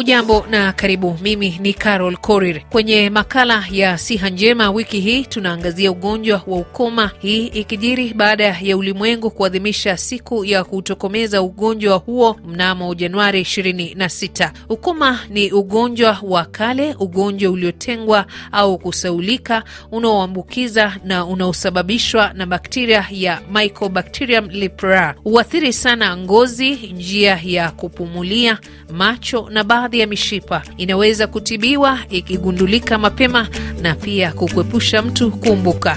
Hujambo na karibu. Mimi ni Carol Korir. Kwenye makala ya siha njema wiki hii tunaangazia ugonjwa wa ukoma, hii ikijiri baada ya ulimwengu kuadhimisha siku ya kutokomeza ugonjwa huo mnamo Januari 26. Ukoma ni ugonjwa wa kale, ugonjwa uliotengwa au kusaulika, unaoambukiza na unaosababishwa na bakteria ya Mycobacterium leprae. Huathiri sana ngozi, njia ya kupumulia, macho na baadhi ya mishipa inaweza kutibiwa ikigundulika mapema na pia kukuepusha mtu kuumbuka.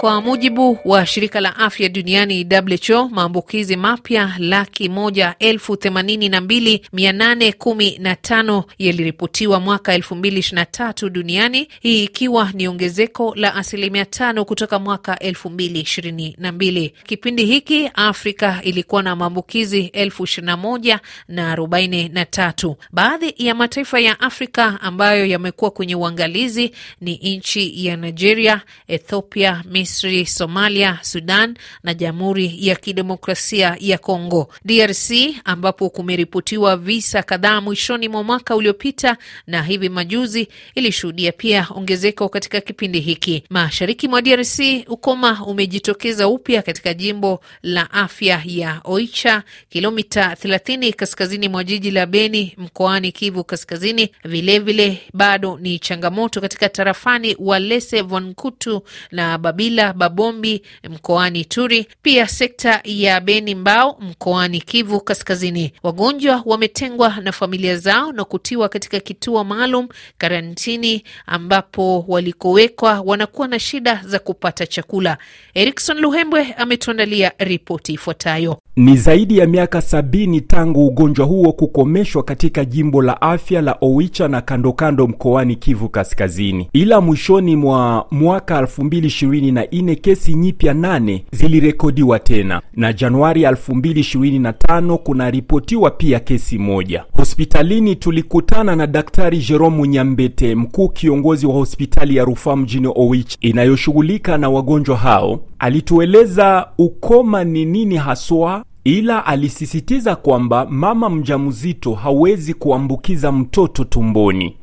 Kwa mujibu wa shirika la afya duniani WHO, maambukizi mapya laki moja elfu themanini na mbili mia nane kumi na tano yaliripotiwa mwaka elfu mbili ishirini na tatu duniani, hii ikiwa ni ongezeko la asilimia tano kutoka mwaka elfu mbili ishirini na mbili. Kipindi hiki Afrika ilikuwa na maambukizi elfu ishirini na moja na arobaini na tatu. Baadhi ya mataifa ya Afrika ambayo yamekuwa kwenye uangalizi ni nchi ya Nigeria, Ethiopia, Misri Misri, Somalia, Sudan na Jamhuri ya Kidemokrasia ya Kongo, DRC, ambapo kumeripotiwa visa kadhaa mwishoni mwa mwaka uliopita na hivi majuzi ilishuhudia pia ongezeko katika kipindi hiki. Mashariki mwa DRC, ukoma umejitokeza upya katika jimbo la afya ya Oicha, kilomita 30 kaskazini mwa jiji la Beni, mkoani Kivu Kaskazini. Vilevile vile, bado ni changamoto katika tarafani wa lese Vonkutu na Babila Ila Babombi mkoani Turi, pia sekta ya Beni mbao mkoani Kivu Kaskazini. Wagonjwa wametengwa na familia zao na kutiwa katika kituo maalum karantini, ambapo walikowekwa wanakuwa na shida za kupata chakula. Erikson Luhembwe ametuandalia ripoti ifuatayo. Ni zaidi ya miaka sabini tangu ugonjwa huo kukomeshwa katika jimbo la afya la owicha na kandokando mkoani Kivu Kaskazini, ila mwishoni mwa mwaka 2024 kesi nyipya nane zilirekodiwa tena, na Januari 2025 kunaripotiwa pia kesi moja. Hospitalini tulikutana na Daktari Jerome Nyambete, mkuu kiongozi wa hospitali ya rufaa mjini owicha inayoshughulika na wagonjwa hao. Alitueleza ukoma ni nini haswa ila alisisitiza kwamba mama mjamzito hawezi kuambukiza mtoto tumboni.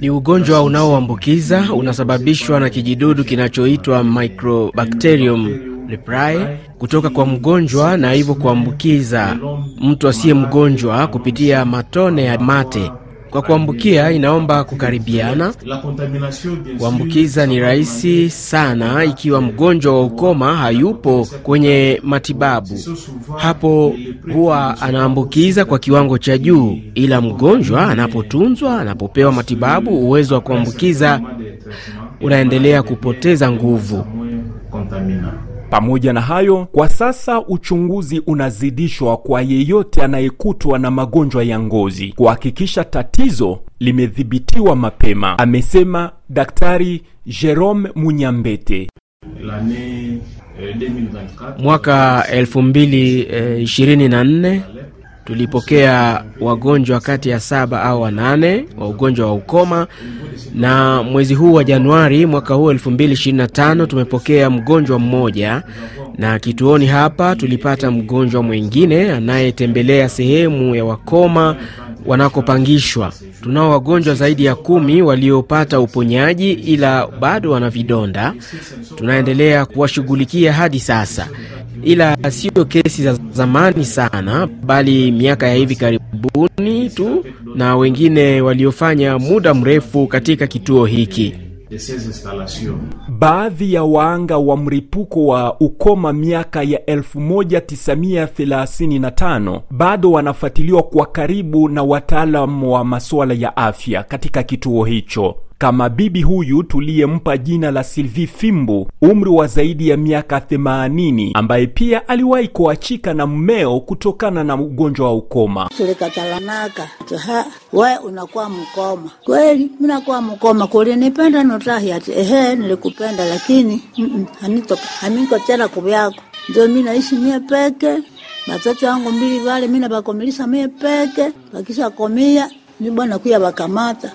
Ni ugonjwa unaoambukiza, unasababishwa na kijidudu kinachoitwa Microbacterium leprae kutoka kwa mgonjwa na hivyo kuambukiza mtu asiye mgonjwa kupitia matone ya mate. Kwa kuambukia inaomba kukaribiana. Kuambukiza ni rahisi sana ikiwa mgonjwa wa ukoma hayupo kwenye matibabu, hapo huwa anaambukiza kwa kiwango cha juu, ila mgonjwa anapotunzwa, anapopewa matibabu, uwezo wa kuambukiza unaendelea kupoteza nguvu. Pamoja na hayo, kwa sasa uchunguzi unazidishwa kwa yeyote anayekutwa na magonjwa ya ngozi kuhakikisha tatizo limedhibitiwa mapema, amesema Daktari Jerome Munyambete. Eh, Mwaka 2024 euh, tulipokea wagonjwa kati ya saba au wanane wa ugonjwa wa ukoma, na mwezi huu wa Januari mwaka huu 225 tumepokea mgonjwa mmoja, na kituoni hapa tulipata mgonjwa mwingine anayetembelea sehemu ya wakoma wanakopangishwa. Tunao wagonjwa zaidi ya kumi waliopata uponyaji, ila bado wana vidonda, tunaendelea kuwashughulikia hadi sasa ila siyo kesi za zamani sana, bali miaka ya hivi karibuni tu, na wengine waliofanya muda mrefu katika kituo hiki. Baadhi ya waanga wa mripuko wa ukoma miaka ya 1935 bado wanafuatiliwa kwa karibu na wataalamu wa masuala ya afya katika kituo hicho kama bibi huyu tuliyempa jina la Sylvie Fimbo, umri wa zaidi ya miaka 80, ambaye pia aliwahi kuachika na mmeo kutokana na ugonjwa wa ukoma. Tulikatalanaka ha we unakuwa mkoma kweli, minakuwa mkoma kulinipenda notahi ati ehe, nilikupenda lakini hanitoka -mm, hamiko tena kuvyako ndio mi naishi mie peke batoto wangu mbili vale mina vakomilisa mie peke, vakisha komia ni bwana kuya bakamata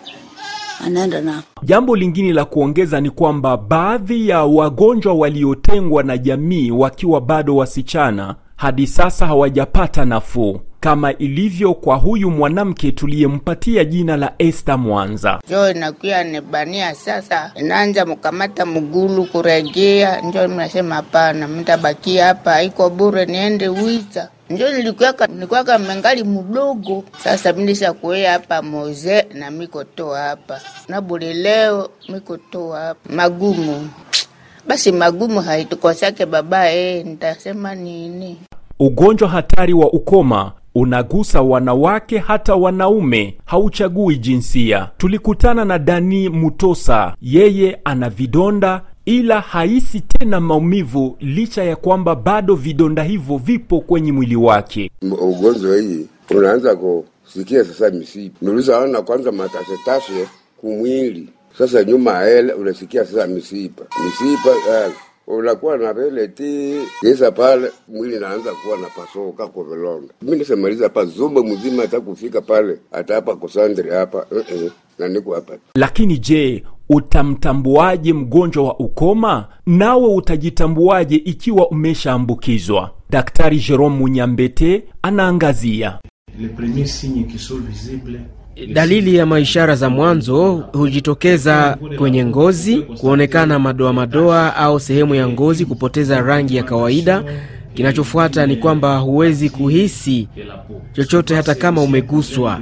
anaenda nao. Jambo lingine la kuongeza ni kwamba baadhi ya wagonjwa waliotengwa na jamii wakiwa bado wasichana hadi sasa hawajapata nafuu kama ilivyo kwa huyu mwanamke tuliyempatia jina la Esther Mwanza. Njo inakuya nibania sasa, inaanza mkamata mgulu kuregea, njo mnasema hapana, mtabakia hapa, iko bure, niende Wiza njo nilikuwaka nilikuwaka mengali mdogo. Sasa kuea hapa moze na mikotoa hapa na bure, leo mikotoa hapa magumu basi magumu haitukosake babaye, nitasema nini? Ugonjwa hatari wa ukoma unagusa wanawake hata wanaume, hauchagui jinsia. Tulikutana na Dani Mutosa, yeye ana vidonda ila haisi tena maumivu licha ya kwamba bado vidonda hivyo vipo kwenye mwili wake. Ugonjwa hii unaanza kusikia sasa misipa, nilizaona kwanza matasetase kumwili, sasa nyuma ya unasikia sasa misipa misipa uh unakuwa na ti yesa pale, mwili naanza kuwa na pasoka kwa vilonda. Mimi nisemaliza hapa zumba mzima, hata kufika pale, hata hapa kusandri hapa uh -uh, na niko hapa. Lakini je, utamtambuaje mgonjwa wa ukoma? Nawe utajitambuaje ikiwa umeshaambukizwa? Daktari Jerome Munyambete anaangazia le premier signe qui sont visibles Dalili ya maishara za mwanzo hujitokeza kwenye ngozi, kuonekana madoa madoa au sehemu ya ngozi kupoteza rangi ya kawaida. Kinachofuata ni kwamba huwezi kuhisi chochote hata kama umeguswa.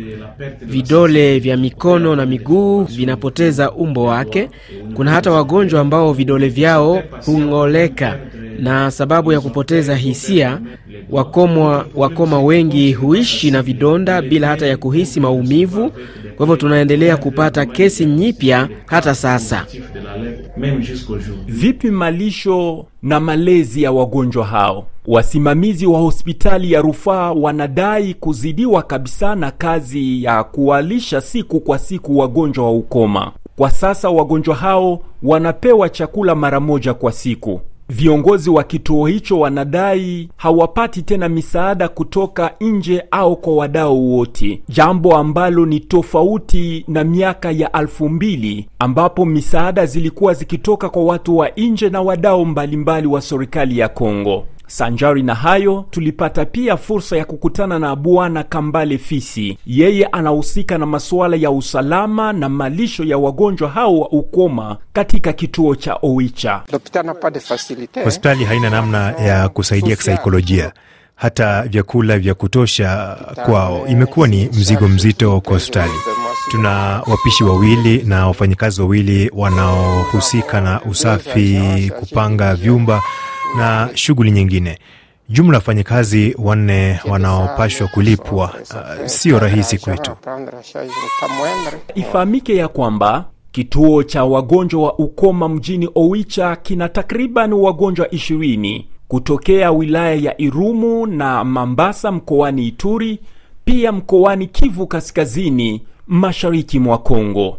Vidole vya mikono na miguu vinapoteza umbo wake. Kuna hata wagonjwa ambao vidole vyao hung'oleka na sababu ya kupoteza hisia, wakoma, wakoma wengi huishi na vidonda bila hata ya kuhisi maumivu. Kwa hivyo tunaendelea kupata kesi nyipya hata sasa. Vipi malisho na malezi ya wagonjwa hao? Wasimamizi wa hospitali ya rufaa wanadai kuzidiwa kabisa na kazi ya kuwalisha siku kwa siku wagonjwa wa ukoma. Kwa sasa wagonjwa hao wanapewa chakula mara moja kwa siku. Viongozi wa kituo hicho wanadai hawapati tena misaada kutoka nje au kwa wadau wote, jambo ambalo ni tofauti na miaka ya alfu mbili ambapo misaada zilikuwa zikitoka kwa watu wa nje na wadau mbalimbali wa serikali ya Kongo. Sanjari na hayo, tulipata pia fursa ya kukutana na Bwana Kambale Fisi. Yeye anahusika na masuala ya usalama na malisho ya wagonjwa hao wa ukoma katika kituo cha Oicha. Hospitali haina namna ya kusaidia kisaikolojia hata vyakula vya kutosha kwao, imekuwa ni mzigo mzito kwa hospitali. Tuna wapishi wawili na wafanyikazi wawili wanaohusika na usafi, kupanga vyumba na shughuli nyingine. Jumla wafanyakazi wanne wanaopashwa kulipwa uh, sio rahisi kwetu. Ifahamike ya kwamba kituo cha wagonjwa wa ukoma mjini owicha kina takriban wagonjwa ishirini kutokea wilaya ya Irumu na Mambasa mkoani Ituri, pia mkoani Kivu Kaskazini, mashariki mwa Kongo.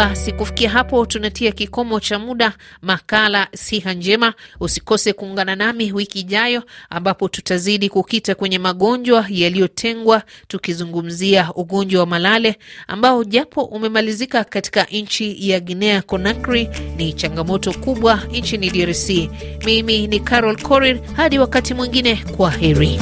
Basi kufikia hapo tunatia kikomo cha muda makala siha njema. Usikose kuungana nami wiki ijayo, ambapo tutazidi kukita kwenye magonjwa yaliyotengwa, tukizungumzia ugonjwa wa malale ambao japo umemalizika katika nchi ya Guinea Conakry, ni changamoto kubwa nchini DRC. Mimi ni Carol Corir, hadi wakati mwingine, kwa heri.